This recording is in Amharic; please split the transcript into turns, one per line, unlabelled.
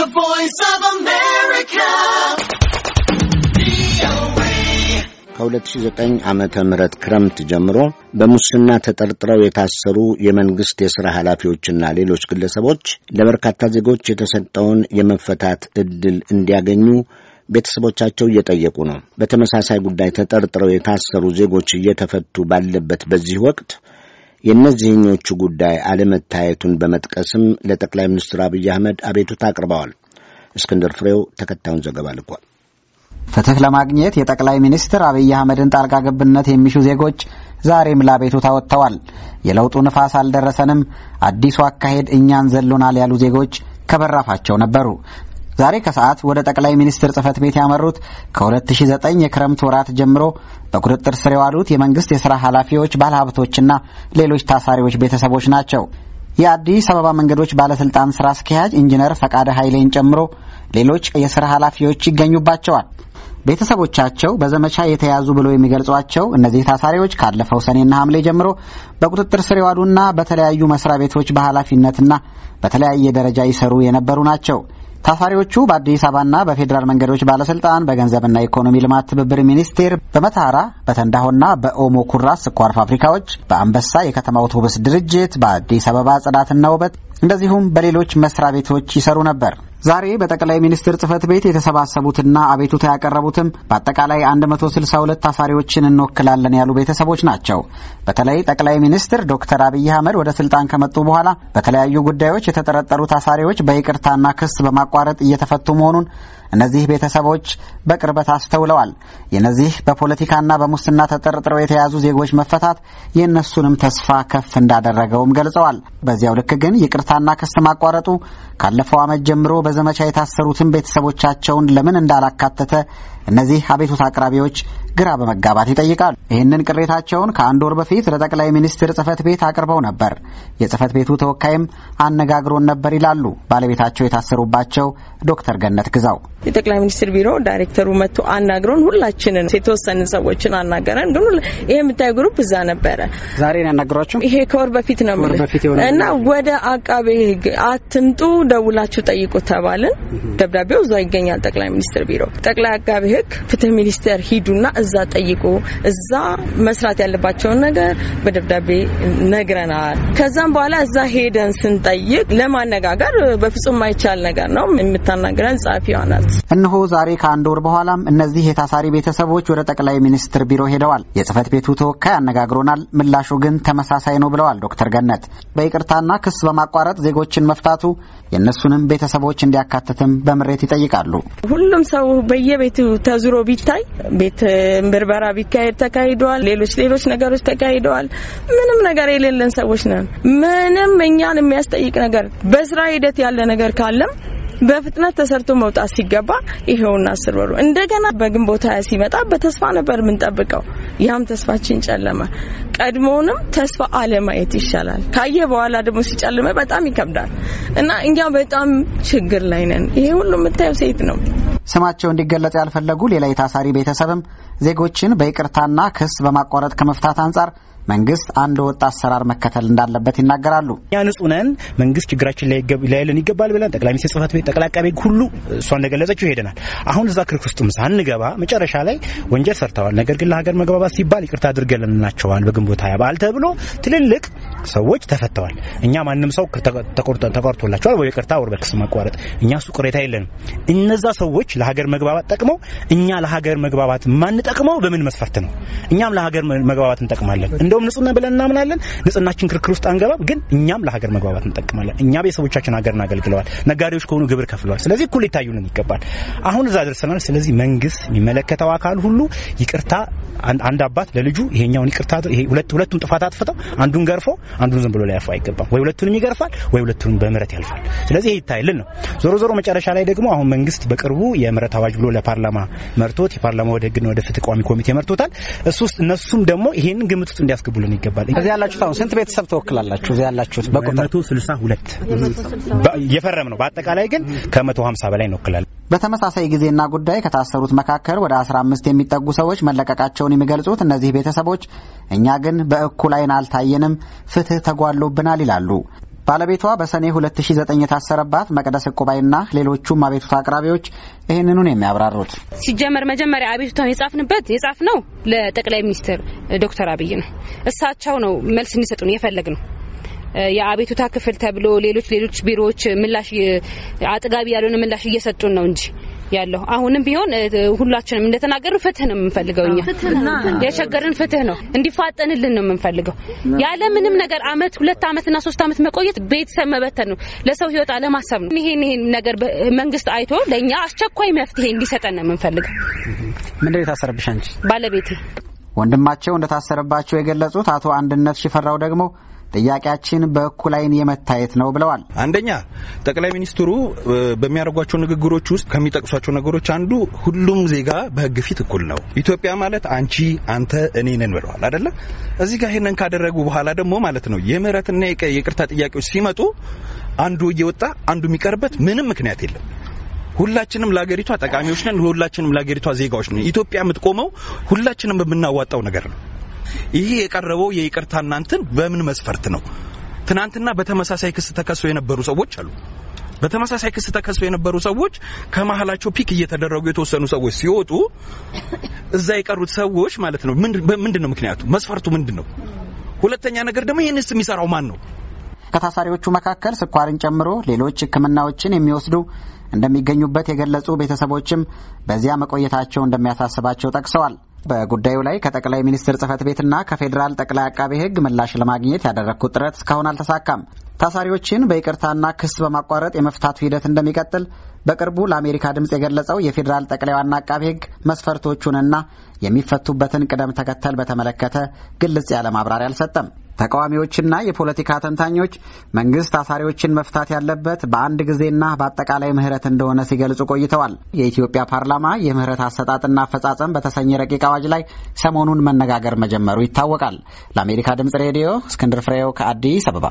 The Voice of America.
ከ2009 ዓመተ ምህረት ክረምት ጀምሮ በሙስና ተጠርጥረው የታሰሩ የመንግሥት የሥራ ኃላፊዎችና ሌሎች ግለሰቦች ለበርካታ ዜጎች የተሰጠውን የመፈታት ዕድል እንዲያገኙ ቤተሰቦቻቸው እየጠየቁ ነው። በተመሳሳይ ጉዳይ ተጠርጥረው የታሰሩ ዜጎች እየተፈቱ ባለበት በዚህ ወቅት የእነዚህኞቹ ጉዳይ አለመታየቱን በመጥቀስም ለጠቅላይ ሚኒስትር አብይ አህመድ አቤቱታ አቅርበዋል። እስክንድር ፍሬው ተከታዩን ዘገባ ልኳል። ፍትህ ለማግኘት የጠቅላይ ሚኒስትር አብይ አህመድን ጣልቃ ገብነት የሚሹ ዜጎች ዛሬም ላቤቱታ ወጥተዋል። የለውጡ ንፋስ አልደረሰንም፣ አዲሱ አካሄድ እኛን ዘሎናል ያሉ ዜጎች ከበራፋቸው ነበሩ። ዛሬ ከሰዓት ወደ ጠቅላይ ሚኒስትር ጽህፈት ቤት ያመሩት ከ2009 የክረምት ወራት ጀምሮ በቁጥጥር ስር የዋሉት የመንግስት የሥራ ኃላፊዎች፣ ባለሀብቶችና ሌሎች ታሳሪዎች ቤተሰቦች ናቸው። የአዲስ አበባ መንገዶች ባለስልጣን ስራ አስኪያጅ ኢንጂነር ፈቃደ ኃይሌን ጨምሮ ሌሎች የሥራ ኃላፊዎች ይገኙባቸዋል። ቤተሰቦቻቸው በዘመቻ የተያዙ ብሎ የሚገልጿቸው እነዚህ ታሳሪዎች ካለፈው ሰኔና ሐምሌ ጀምሮ በቁጥጥር ስር የዋሉና በተለያዩ መስሪያ ቤቶች በኃላፊነትና በተለያየ ደረጃ ይሰሩ የነበሩ ናቸው። ታሳሪዎቹ በአዲስ አበባና በፌዴራል መንገዶች ባለስልጣን በገንዘብና ኢኮኖሚ ልማት ትብብር ሚኒስቴር በመተሐራ በተንዳሆና በኦሞ ኩራ ስኳር ፋብሪካዎች፣ በአንበሳ የከተማ አውቶቡስ ድርጅት፣ በአዲስ አበባ ጽዳትና ውበት እንደዚሁም በሌሎች መስሪያ ቤቶች ይሰሩ ነበር። ዛሬ በጠቅላይ ሚኒስትር ጽህፈት ቤት የተሰባሰቡትና አቤቱታ ያቀረቡትም በአጠቃላይ 162 ታሳሪዎችን እንወክላለን ያሉ ቤተሰቦች ናቸው። በተለይ ጠቅላይ ሚኒስትር ዶክተር አብይ አህመድ ወደ ስልጣን ከመጡ በኋላ በተለያዩ ጉዳዮች የተጠረጠሩ ታሳሪዎች በይቅርታና ክስ በማቋረጥ እየተፈቱ መሆኑን እነዚህ ቤተሰቦች በቅርበት አስተውለዋል። የእነዚህ በፖለቲካና በሙስና ተጠርጥረው የተያዙ ዜጎች መፈታት የእነሱንም ተስፋ ከፍ እንዳደረገውም ገልጸዋል። በዚያው ልክ ግን ይቅርታና ክስ ማቋረጡ ካለፈው ዓመት ጀምሮ በዘመቻ የታሰሩትን ቤተሰቦቻቸውን ለምን እንዳላካተተ እነዚህ አቤቱታ አቅራቢዎች ግራ በመጋባት ይጠይቃሉ። ይህንን ቅሬታቸውን ከአንድ ወር በፊት ለጠቅላይ ሚኒስትር ጽህፈት ቤት አቅርበው ነበር። የጽህፈት ቤቱ ተወካይም አነጋግሮን ነበር ይላሉ ባለቤታቸው የታሰሩባቸው ዶክተር ገነት ግዛው
የጠቅላይ ሚኒስትር ቢሮ ዳይሬክተሩ መጥቶ አናግሮን ሁላችንን የተወሰኑ ሰዎችን አናገረን። ግን ይሄ የምታዩ ግሩፕ እዛ ነበረ። ዛሬ ነው ያናገሯቸው። ይሄ ከወር በፊት ነው እና ወደ አቃቤ ሕግ አትምጡ ደውላችሁ ጠይቁ ተባልን። ደብዳቤው እዛ ይገኛል ጠቅላይ ሚኒስትር ቢሮ። ጠቅላይ አቃቤ ሕግ ፍትህ ሚኒስቴር ሂዱና እዛ ጠይቁ፣ እዛ መስራት ያለባቸውን ነገር በደብዳቤ ነግረናል። ከዛም በኋላ እዛ ሄደን ስንጠይቅ ለማነጋገር በፍጹም ማይቻል ነገር ነው። የምታናግረን ጸሐፊዋ ናት።
እነሆ ዛሬ ከአንድ ወር በኋላም እነዚህ የታሳሪ ቤተሰቦች ወደ ጠቅላይ ሚኒስትር ቢሮ ሄደዋል። የጽህፈት ቤቱ ተወካይ አነጋግሮናል። ምላሹ ግን ተመሳሳይ ነው ብለዋል ዶክተር ገነት። በይቅርታና ክስ በማቋረጥ ዜጎችን መፍታቱ የእነሱንም ቤተሰቦች እንዲያካትትም በምሬት ይጠይቃሉ።
ሁሉም ሰው በየቤቱ ተዙሮ ቢታይ ቤት ብርበራ ቢካሄድ ተካሂደዋል። ሌሎች ሌሎች ነገሮች ተካሂደዋል። ምንም ነገር የሌለን ሰዎች ነን። ምንም እኛን የሚያስጠይቅ ነገር በስራ ሂደት ያለ ነገር ካለም በፍጥነት ተሰርቶ መውጣት ሲገባ ይሄውና አስር ወሩ እንደገና በግንቦት ሀያ ሲመጣ በተስፋ ነበር የምንጠብቀው። ያም ተስፋችን ጨለመ። ቀድሞውንም ተስፋ አለማየት ይሻላል። ካየ በኋላ ደግሞ ሲጨልመ በጣም ይከብዳል እና እኛ በጣም ችግር ላይ ነን። ይሄ ሁሉ የምታየው ሴት ነው።
ስማቸው እንዲገለጽ ያልፈለጉ ሌላ የታሳሪ ቤተሰብም ዜጎችን በይቅርታና ክስ በማቋረጥ ከመፍታት አንጻር መንግስት አንድ ወጥ አሰራር መከተል እንዳለበት ይናገራሉ። እኛ ንጹህ ነን፣ መንግስት ችግራችን ላይለን ይገባል ብለን ጠቅላይ ሚኒስትር ጽህፈት ቤት፣ ጠቅላይ
አቃቤ ሁሉ እሷ እንደገለጸችው ይሄደናል። አሁን እዛ ክርክ ውስጥም ሳንገባ መጨረሻ ላይ ወንጀል ሰርተዋል፣ ነገር ግን ለሀገር መግባባት ሲባል ይቅርታ አድርገንላቸዋል በግንቦት ሃያ በዓል ተብሎ ትልልቅ ሰዎች ተፈተዋል። እኛ ማንም ሰው ተቆርጦላቸዋል ወይ ቅርታ ወር በክስ ማቋረጥ እኛ እሱ ቅሬታ የለንም። እነዛ ሰዎች ለሀገር መግባባት ጠቅመው እኛ ለሀገር መግባባት ማንጠቅመው በምን መስፈርት ነው? እኛም ለሀገር መግባባት እንጠቅማለን። እንደውም ንጹህ ብለን እናምናለን። ንጽህናችን ክርክር ውስጥ አንገባም። ግን እኛም ለሀገር መግባባት እንጠቅማለን። እኛ ቤተሰቦቻችን ሀገርን አገልግለዋል። ነጋዴዎች ከሆኑ ግብር ከፍለዋል። ስለዚህ እኩል ሊታዩልን ይገባል። አሁን እዛ ደርሰናል። ስለዚህ መንግስት የሚመለከተው አካል ሁሉ ይቅርታ አንድ አባት ለልጁ ይሄኛውን ይቅርታ ሁለቱም ጥፋት አጥፍተው አንዱን ገርፎ አንዱን ዝም ብሎ ሊያልፈው አይገባም። ወይ ሁለቱንም ይገርፋል፣ ወይ ሁለቱንም በምህረት ያልፋል። ስለዚህ ይሄ ይታይልን ነው። ዞሮ ዞሮ መጨረሻ ላይ ደግሞ አሁን መንግስት በቅርቡ የምህረት አዋጅ ብሎ ለፓርላማ መርቶት የፓርላማ ወደ ህግና ወደ ፍትህ ቋሚ ኮሚቴ መርቶታል። እሱ ውስጥ እነሱም ደግሞ ይሄን ግምት ውስጥ እንዲያስገቡልን ይገባል።
እዚህ ያላችሁት አሁን ስንት ቤተሰብ
ትወክላላችሁ? እዚህ ያላችሁት በቁጥር 162 የፈረም ነው። በአጠቃላይ ግን ከ150 በላይ እንወክላለን።
በተመሳሳይ ጊዜና ጉዳይ ከታሰሩት መካከል ወደ 15 የሚጠጉ ሰዎች መለቀቃቸውን የሚገልጹት እነዚህ ቤተሰቦች እኛ ግን በእኩል ዓይን አልታየንም፣ ፍትህ ተጓሎብናል ይላሉ። ባለቤቷ በሰኔ 2009 የታሰረባት መቅደስ እቁባይና ሌሎቹም አቤቱታ አቅራቢዎች ይህንኑን የሚያብራሩት
ሲጀመር መጀመሪያ አቤቱታን የጻፍንበት የጻፍ ነው ለጠቅላይ ሚኒስትር ዶክተር አብይ ነው። እሳቸው ነው መልስ እንዲሰጡን የፈለግ ነው የአቤቱታ ክፍል ተብሎ ሌሎች ሌሎች ቢሮዎች ምላሽ አጥጋቢ ያልሆነ ምላሽ እየሰጡን ነው እንጂ ያለው አሁንም ቢሆን ሁላችንም እንደተናገሩ ፍትህ ነው የምንፈልገው። እኛ የቸገርን ፍትህ ነው እንዲፋጠንልን ነው የምንፈልገው። ያለ ምንም ነገር አመት ሁለት እና ሶስት አመት መቆየት ቤተሰብ መበተን ነው፣ ለሰው ህይወት አለማሰብ ነው። ይሄን ይሄን ነገር መንግስት አይቶ ለእኛ አስቸኳይ መፍትሄ እንዲሰጠን ነው የምንፈልገው።
ምንድን የታሰረብሽ አንቺ? ባለቤቴ። ወንድማቸው እንደታሰረባቸው የገለጹት አቶ አንድነት ሽፈራው ደግሞ ጥያቄያችን በእኩል ዓይን የመታየት ነው ብለዋል።
አንደኛ ጠቅላይ ሚኒስትሩ በሚያደርጓቸው ንግግሮች ውስጥ ከሚጠቅሷቸው ነገሮች አንዱ ሁሉም ዜጋ በሕግ ፊት እኩል ነው፣ ኢትዮጵያ ማለት አንቺ፣ አንተ፣ እኔ ነን ብለዋል አደለ? እዚህ ጋር ይህንን ካደረጉ በኋላ ደግሞ ማለት ነው የምህረትና የቅርታ ጥያቄዎች ሲመጡ አንዱ እየወጣ አንዱ የሚቀርበት ምንም ምክንያት የለም። ሁላችንም ለሀገሪቷ ጠቃሚዎች ነን። ሁላችንም ለሀገሪቷ ዜጋዎች ነን። ኢትዮጵያ የምትቆመው ሁላችንም በምናዋጣው ነገር ነው። ይሄ የቀረበው የይቅርታ እናንትን በምን መስፈርት ነው? ትናንትና በተመሳሳይ ክስ ተከሶ የነበሩ ሰዎች አሉ። በተመሳሳይ ክስ ተከሶ የነበሩ ሰዎች ከመሀላቸው ፒክ እየተደረጉ የተወሰኑ ሰዎች ሲወጡ እዛ የቀሩት ሰዎች ማለት ነው። ምንድን ነው ምክንያቱ? መስፈርቱ ምንድን ነው? ሁለተኛ ነገር ደግሞ ይህንስ የሚሰራው ማን
ነው? ከታሳሪዎቹ መካከል ስኳርን ጨምሮ ሌሎች ሕክምናዎችን የሚወስዱ እንደሚገኙበት የገለጹ ቤተሰቦችም በዚያ መቆየታቸው እንደሚያሳስባቸው ጠቅሰዋል። በጉዳዩ ላይ ከጠቅላይ ሚኒስትር ጽህፈት ቤትና ከፌዴራል ጠቅላይ አቃቤ ሕግ ምላሽ ለማግኘት ያደረግኩት ጥረት እስካሁን አልተሳካም። ታሳሪዎችን በይቅርታና ክስ በማቋረጥ የመፍታቱ ሂደት እንደሚቀጥል በቅርቡ ለአሜሪካ ድምፅ የገለጸው የፌዴራል ጠቅላይ ዋና አቃቤ ሕግ መስፈርቶቹንና የሚፈቱበትን ቅደም ተከተል በተመለከተ ግልጽ ያለ ማብራሪያ አልሰጠም። ተቃዋሚዎችና የፖለቲካ ተንታኞች መንግስት አሳሪዎችን መፍታት ያለበት በአንድ ጊዜና በአጠቃላይ ምህረት እንደሆነ ሲገልጹ ቆይተዋል። የኢትዮጵያ ፓርላማ የምህረት አሰጣጥና አፈጻጸም በተሰኘ ረቂቅ አዋጅ ላይ ሰሞኑን መነጋገር መጀመሩ ይታወቃል። ለአሜሪካ ድምጽ ሬዲዮ እስክንድር ፍሬው ከአዲስ አበባ